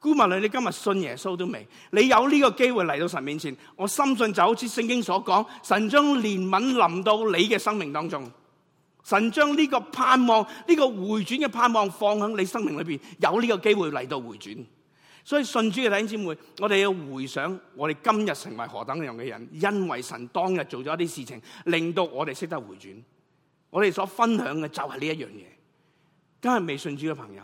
Speaker 1: 孤民你，你今日信耶穌都未？你有呢個機會嚟到神面前，我深信就好似聖經所講，神將憐憫臨到你嘅生命當中，神將呢個盼望、呢、呢個回轉嘅盼望放喺你生命裏邊，有呢個機會嚟到回轉。所以信主嘅弟兄姊妹，我哋要回想我哋今日成為何等樣嘅人，因為神當日做咗一啲事情，令到我哋識得回轉。我哋所分享嘅就係呢一樣嘢，今日未信主嘅朋友。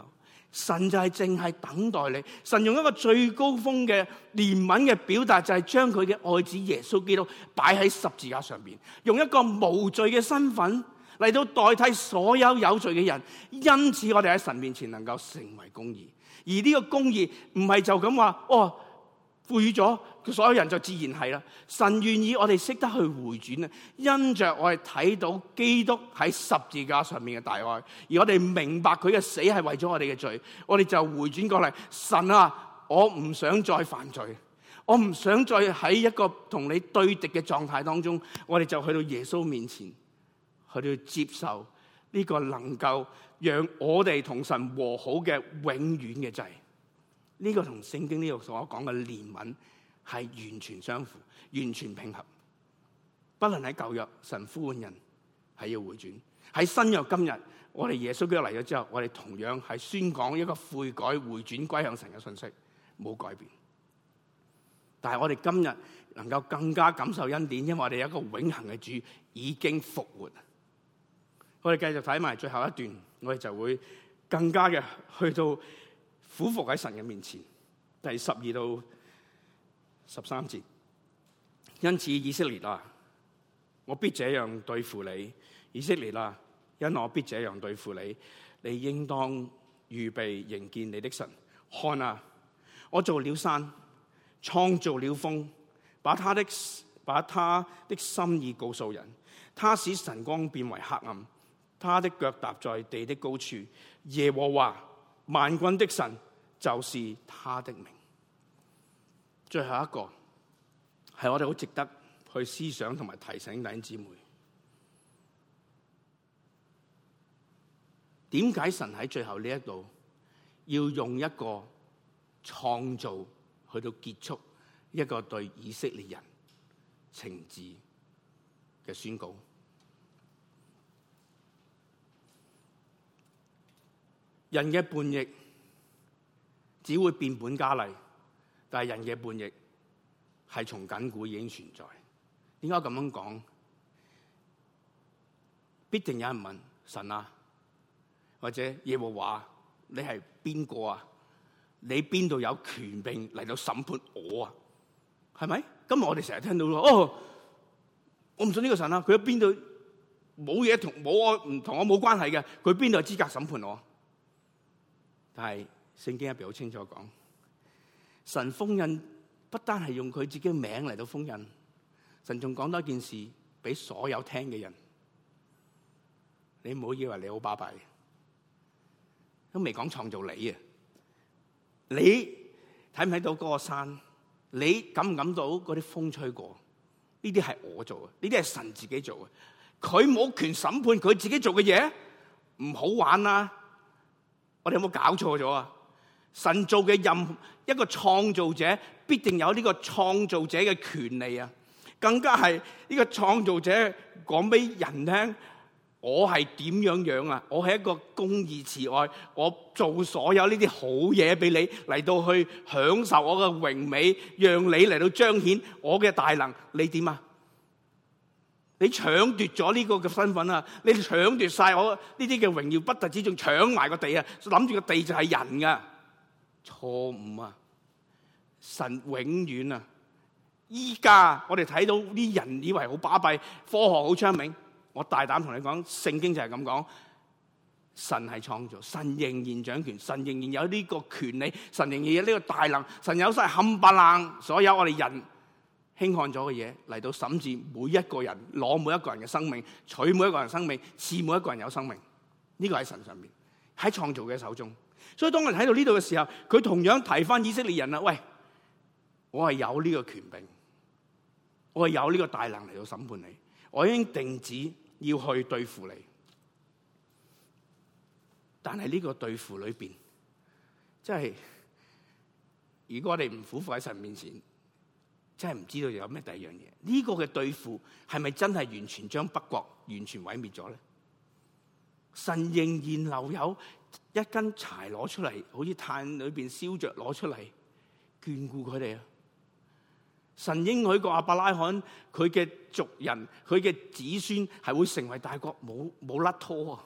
Speaker 1: 神就係淨係等待你，神用一個最高峰嘅憐憫嘅表達，就係將佢嘅愛子耶穌基督擺喺十字架上面，用一個無罪嘅身份嚟到代替所有有罪嘅人，因此我哋喺神面前能夠成為公義。而呢個公義唔係就咁話，哦。賦予咗，所有人就自然係啦。神願意我哋識得去回轉啊！因着我哋睇到基督喺十字架上面嘅大愛，而我哋明白佢嘅死係為咗我哋嘅罪，我哋就回轉過嚟。神啊，我唔想再犯罪，我唔想再喺一個同你對敵嘅狀態當中，我哋就去到耶穌面前，去到接受呢個能夠讓我哋同神和好嘅永遠嘅祭。呢個同聖經呢度所講嘅憐憫係完全相符、完全平衡。不論喺舊約神呼喚人係要回轉，喺新約今日我哋耶穌基督嚟咗之後，我哋同樣係宣講一個悔改回轉歸向神嘅信息，冇改變。但係我哋今日能夠更加感受恩典，因為我哋有一個永恆嘅主已經復活。我哋繼續睇埋最後一段，我哋就會更加嘅去到。俯伏喺神嘅面前，第十二到十三節。因此以色列啊，我必這樣對付你；以色列啊，因我必這樣對付你，你應當預備迎見你的神。看啊，我做了山，創造了風，把他的把他的心意告訴人。他使神光變為黑暗，他的腳踏在地的高處，耶和華。萬軍的神就是他的名。最後一個係我哋好值得去思想同埋提醒弟兄姊妹，點解神喺最後呢一度要用一個創造去到結束一個對以色列人情志嘅宣告？人嘅叛逆只會變本加厲，但係人嘅叛逆係從亙古已經存在。點解咁樣講？必定有人問，神啊，或者耶和華，你係邊個啊？你邊度有權柄嚟到審判我啊？係咪？今日我哋成日聽到咯，哦，我唔信呢個神啊！佢喺邊度冇嘢同冇我唔同，我冇關係嘅，佢邊度有資格審判我？但係聖經入邊好清楚講，神封印不單係用佢自己嘅名嚟到封印，神仲講多一件事俾所有聽嘅人。你唔好以為你好巴閉，都未講創造你啊！你睇唔睇到嗰個山？你感唔感到嗰啲風吹過？呢啲係我做，呢啲係神自己做啊！佢冇權審判佢自己做嘅嘢，唔好玩啊。我哋有冇搞錯咗啊？神做嘅，任一個創造者必定有呢個創造者嘅權利啊！更加係呢個創造者講俾人聽，我係點樣樣啊？我係一個公義慈愛，我做所有呢啲好嘢俾你嚟到去享受我嘅榮美，讓你嚟到彰顯我嘅大能，你點啊？你搶奪咗呢個嘅身份啊！你搶奪晒我呢啲嘅榮耀，不特止仲搶埋個地啊！諗住個地就係人㗎，錯誤啊！神永遠啊！依家我哋睇到啲人以為好巴閉，科學好昌明。我大膽同你講，聖經就係咁講。神係創造，神仍然掌權，神仍然有呢個權利，神仍然有呢個大能，神有晒冚唪冷，所有我哋人。輕看咗嘅嘢嚟到審視每一個人，攞每一個人嘅生命，取每一個人生命，賜每一個人有生命。呢個喺神上面，喺創造嘅手中。所以當我哋喺到呢度嘅時候，佢同樣提翻以色列人啦。喂，我係有呢個權柄，我係有呢個大能嚟到審判你。我已經定止要去對付你，但係呢個對付裏邊，即係如果我哋唔俯伏喺神面前。真係唔知道有咩第二樣嘢？呢個嘅對付係咪真係完全將北國完全毀滅咗咧？神仍然留有一根柴攞出嚟，好似炭裏邊燒着攞出嚟，眷顧佢哋啊！神應許過亞伯拉罕，佢嘅族人，佢嘅子孫係會成為大國，冇冇甩拖啊，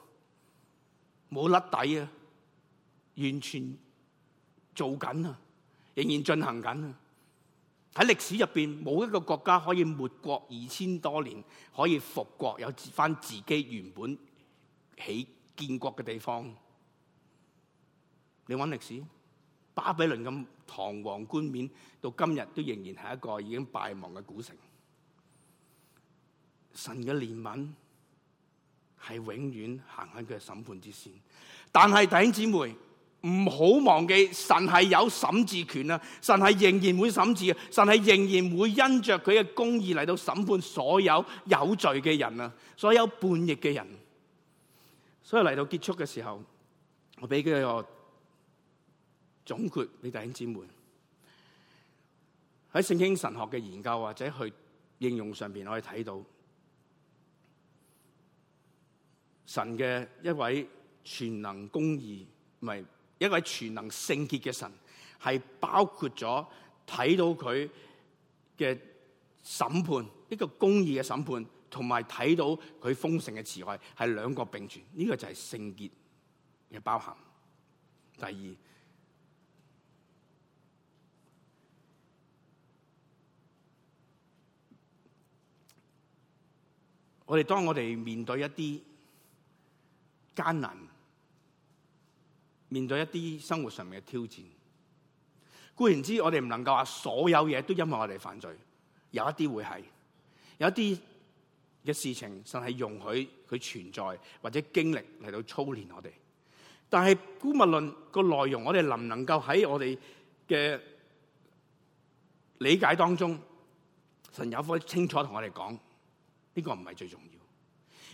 Speaker 1: 冇甩底啊，完全做緊啊，仍然進行緊啊！喺歷史入邊，冇一個國家可以沒國二千多年，可以復國，有翻自己原本起建國嘅地方。你搵歷史，巴比倫咁堂皇冠冕，到今日都仍然係一個已經敗亡嘅古城。神嘅憐憫係永遠行喺佢嘅審判之先，但係，弟兄姊妹。唔好忘記神是有權，神係有審治權啊！神係仍然會審治嘅，神係仍然會因着佢嘅公義嚟到審判所有有罪嘅人啊！所有叛逆嘅人，所以嚟到結束嘅時候，我俾一個總括，你弟兄姊妹喺聖經神學嘅研究或者去應用上邊，我可以睇到神嘅一位全能公義一位全能聖潔嘅神，係包括咗睇到佢嘅審判，一個公義嘅審判，同埋睇到佢豐盛嘅慈愛，係兩個並存。呢、這個就係聖潔嘅包含。第二，我哋當我哋面對一啲艱難。面對一啲生活上面嘅挑戰，固然之我哋唔能夠話所有嘢，都因為我哋犯罪，有一啲會係，有一啲嘅事情神係容許佢存在或者經歷嚟到操練我哋。但係姑勿論個內容，我哋能唔能夠喺我哋嘅理解當中，神有否清楚同我哋講？呢個唔係最重要。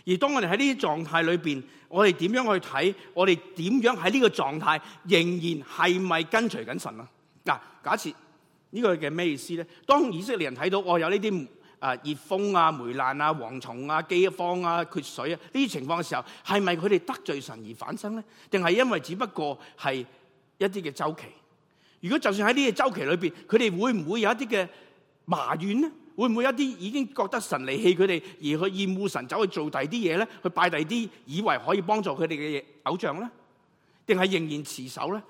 Speaker 1: 而當我哋喺呢啲狀態裏邊，我哋點樣去睇？我哋點樣喺呢個狀態仍然係咪跟隨緊神啊？嗱，假設呢、這個嘅咩意思咧？當以色列人睇到我有呢啲啊熱風啊、霉爛啊、蝗蟲啊、饑荒啊、缺水啊呢啲情況嘅時候，係咪佢哋得罪神而反生咧？定係因為只不過係一啲嘅周期？如果就算喺呢啲周期裏邊，佢哋會唔會有一啲嘅埋怨呢？會唔會一啲已經覺得神離棄佢哋而去厭惡神，走去做第二啲嘢咧？去拜第二啲以為可以幫助佢哋嘅偶像咧？定係仍然持守咧？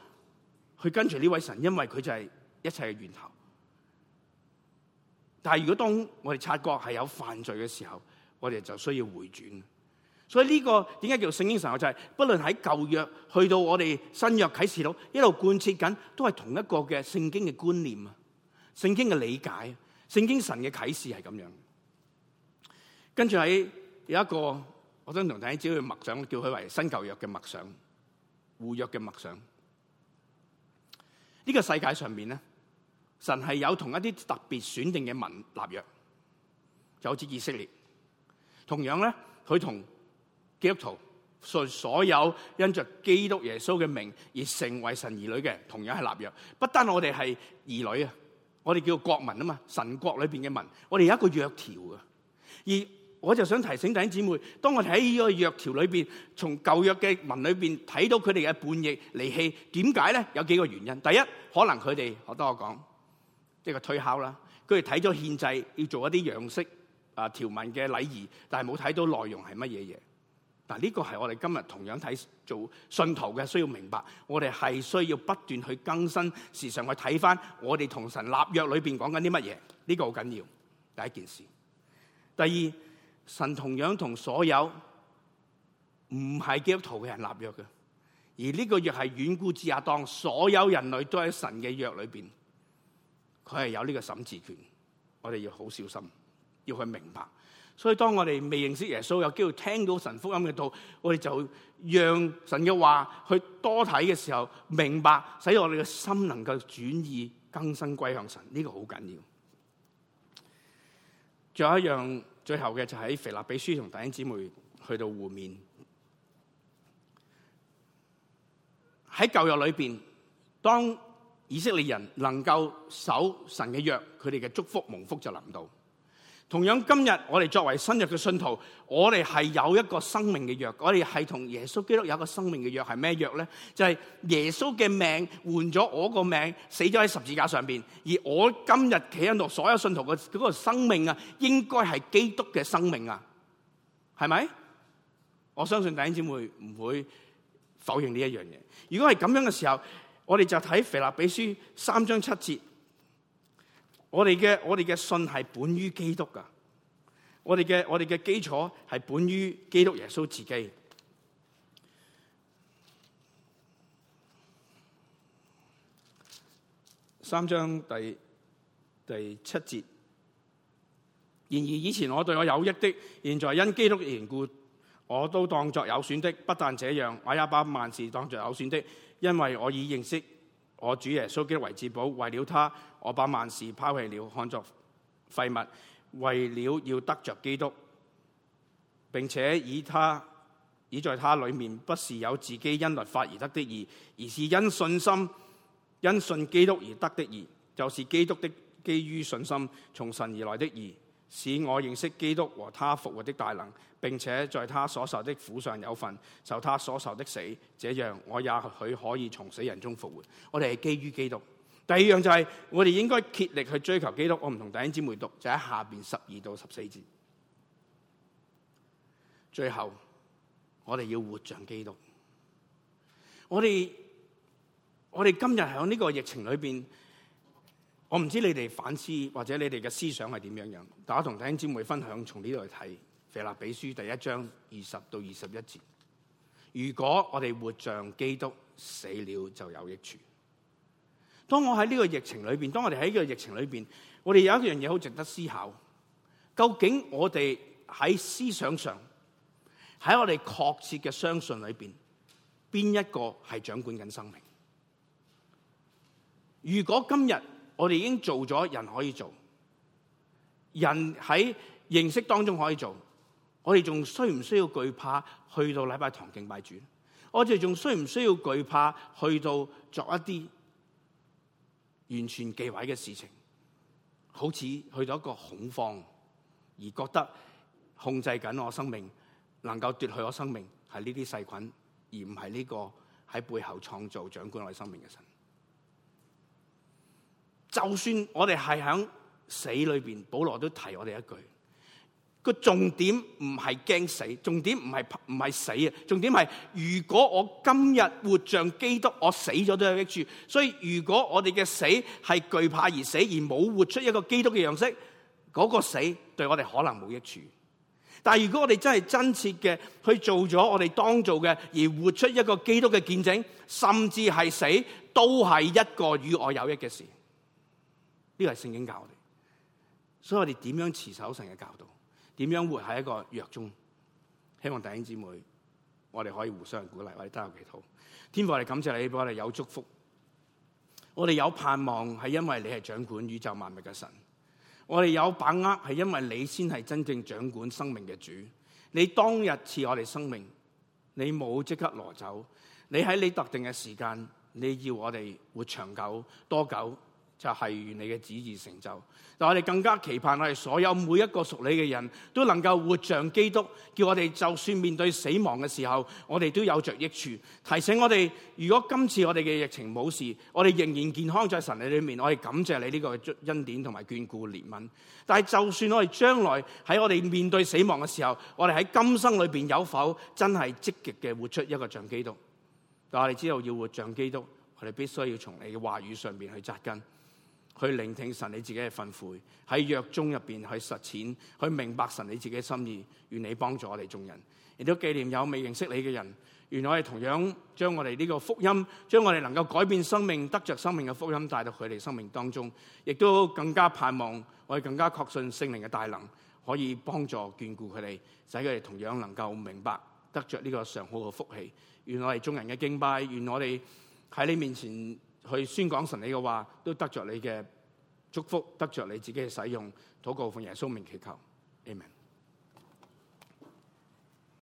Speaker 1: 去跟住呢位神，因為佢就係一切嘅源頭。但係如果當我哋察覺係有犯罪嘅時候，我哋就需要回轉。所以呢個點解叫聖經神學？就係不論喺舊約去到我哋新約啟示錄一路貫徹緊，都係同一個嘅聖經嘅觀念啊，聖經嘅理解。聖經神嘅啟示係咁樣，跟住喺有一個，我想同大家講一講默想，叫佢為新舊約嘅默想、互約嘅默想。呢、這個世界上面咧，神係有同一啲特別選定嘅民立約，就好似以色列。同樣咧，佢同基督徒，信所有因着基督耶穌嘅名而成為神兒女嘅，同樣係立約。不單我哋係兒女啊！我哋叫國民啊嘛，神國裏邊嘅民，我哋有一個約條嘅。而我就想提醒弟兄姊妹，當我喺呢個約條裏邊，從舊約嘅文裏邊睇到佢哋嘅叛逆離棄，點解咧？有幾個原因。第一，可能佢哋我當我講一個推敲啦，佢哋睇咗獻祭要做一啲樣式啊條文嘅禮儀，但係冇睇到內容係乜嘢嘢。嗱，呢個係我哋今日同樣睇做信徒嘅，需要明白，我哋係需要不斷去更新時常去睇翻，我哋同神立約裏邊講緊啲乜嘢？呢個好緊要，第一件事。第二，神同樣同所有唔係基督徒嘅人立約嘅，而呢個約係遠古至亞當，所有人類都喺神嘅約裏邊，佢係有呢個審視權，我哋要好小心，要去明白。所以當我哋未認識耶穌，有機會聽到神福音嘅道，我哋就讓神嘅話去多睇嘅時候，明白，使我哋嘅心能夠轉意、更新、歸向神，呢、這個好緊要。最後一樣，最後嘅就喺腓立比書同弟兄姊妹去到湖面，喺舊約裏面，當以色列人能夠守神嘅約，佢哋嘅祝福蒙福就臨到。同樣今日我哋作為新約嘅信徒，我哋係有一個生命嘅約，我哋係同耶穌基督有一個生命嘅約。係咩約咧？就係耶穌嘅命換咗我個命，死咗喺十字架上面。而我今日企喺度，所有信徒嘅嗰個生命啊，應該係基督嘅生命啊，係咪？我相信弟兄姊妹唔會否認呢一樣嘢。如果係咁樣嘅時候，我哋就睇腓立比書三章七節。我哋嘅我哋嘅信係本於基督噶，我哋嘅我哋嘅基礎係本於基督耶穌自己。三章第第七節。然而以前我對我有益的，現在因基督嘅緣故，我都當作有損的。不但這樣，我也把萬事當作有損的，因為我已認識。我主耶穌基督為至寶，為了他，我把萬事拋棄了，看作廢物。為了要得着基督，並且以他，以在他裏面，不是有自己因律法而得的義，而是因信心，因信基督而得的義，就是基督的基於信心從神而來的義。使我認識基督和他復活的大能，並且在他所受的苦上有份，受他所受的死，這樣我也許可以從死人中復活。我哋係基於基督。第二樣就係，我哋應該竭力去追求基督。我唔同弟兄姊妹讀，就喺下邊十二到十四節。最後，我哋要活像基督。我哋，我哋今日喺呢個疫情裏邊。我唔知你哋反思或者你哋嘅思想係點樣樣，大家同弟兄姊妹分享，從呢度睇《腓立比書》第一章二十到二十一節。如果我哋活像基督死了就有益處。當我喺呢個疫情裏邊，當我哋喺呢個疫情裏邊，我哋有一樣嘢好值得思考：究竟我哋喺思想上，喺我哋確切嘅相信裏邊，邊一個係掌管緊生命？如果今日，我哋已經做咗，人可以做，人喺認識當中可以做。我哋仲需唔需要懼怕去到禮拜堂敬拜主？我哋仲需唔需要懼怕去到作一啲完全忌諱嘅事情？好似去到一個恐慌，而覺得控制緊我生命，能夠奪去我生命係呢啲細菌，而唔係呢個喺背後創造掌管我生命嘅神。就算我哋係響死裏邊，保羅都提我哋一句個重點唔係驚死，重點唔係唔係死啊。重點係如果我今日活像基督，我死咗都有益處。所以如果我哋嘅死係懼怕而死，而冇活出一個基督嘅樣式，嗰個死對我哋可能冇益處。但係如果我哋真係真切嘅去做咗我哋當做嘅，而活出一個基督嘅見證，甚至係死都係一個與我有益嘅事。呢個係聖經教我哋，所以我哋點樣持守神嘅教導？點樣活喺一個約中？希望弟兄姊妹，我哋可以互相鼓勵，我哋得有祈禱。天父，我哋感謝你，我哋有祝福，我哋有盼望，係因為你係掌管宇宙萬物嘅神，我哋有把握，係因為你先係真正掌管生命嘅主。你當日賜我哋生命，你冇即刻挪走，你喺你特定嘅時間，你要我哋活長久多久？就係願你嘅旨意成就。但我哋更加期盼我哋所有每一個屬你嘅人都能夠活像基督，叫我哋就算面對死亡嘅時候，我哋都有着益處。提醒我哋，如果今次我哋嘅疫情冇事，我哋仍然健康在神你裏面，我哋感謝你呢個恩典同埋眷顧憐憫。但係就算我哋將來喺我哋面對死亡嘅時候，我哋喺今生裏面有否真係積極嘅活出一個像基督？但我哋知道要活像基督，我哋必須要從你嘅話語上面去扎根。去聆聽神你自己嘅訓誨，喺約中入面去實踐，去明白神你自己嘅心意。願你幫助我哋眾人，亦都紀念有未認識你嘅人。願我哋同樣將我哋呢個福音，將我哋能夠改變生命、得着生命嘅福音帶到佢哋生命當中，亦都更加盼望我哋更加確信聖靈嘅大能可以幫助眷顧佢哋，使佢哋同樣能夠明白得着呢個上好嘅福氣。願我哋眾人嘅敬拜，願我哋喺你面前，去宣講神你嘅話都得着你嘅祝福，得着你自己嘅使用，禱告奉耶穌名祈求，amen。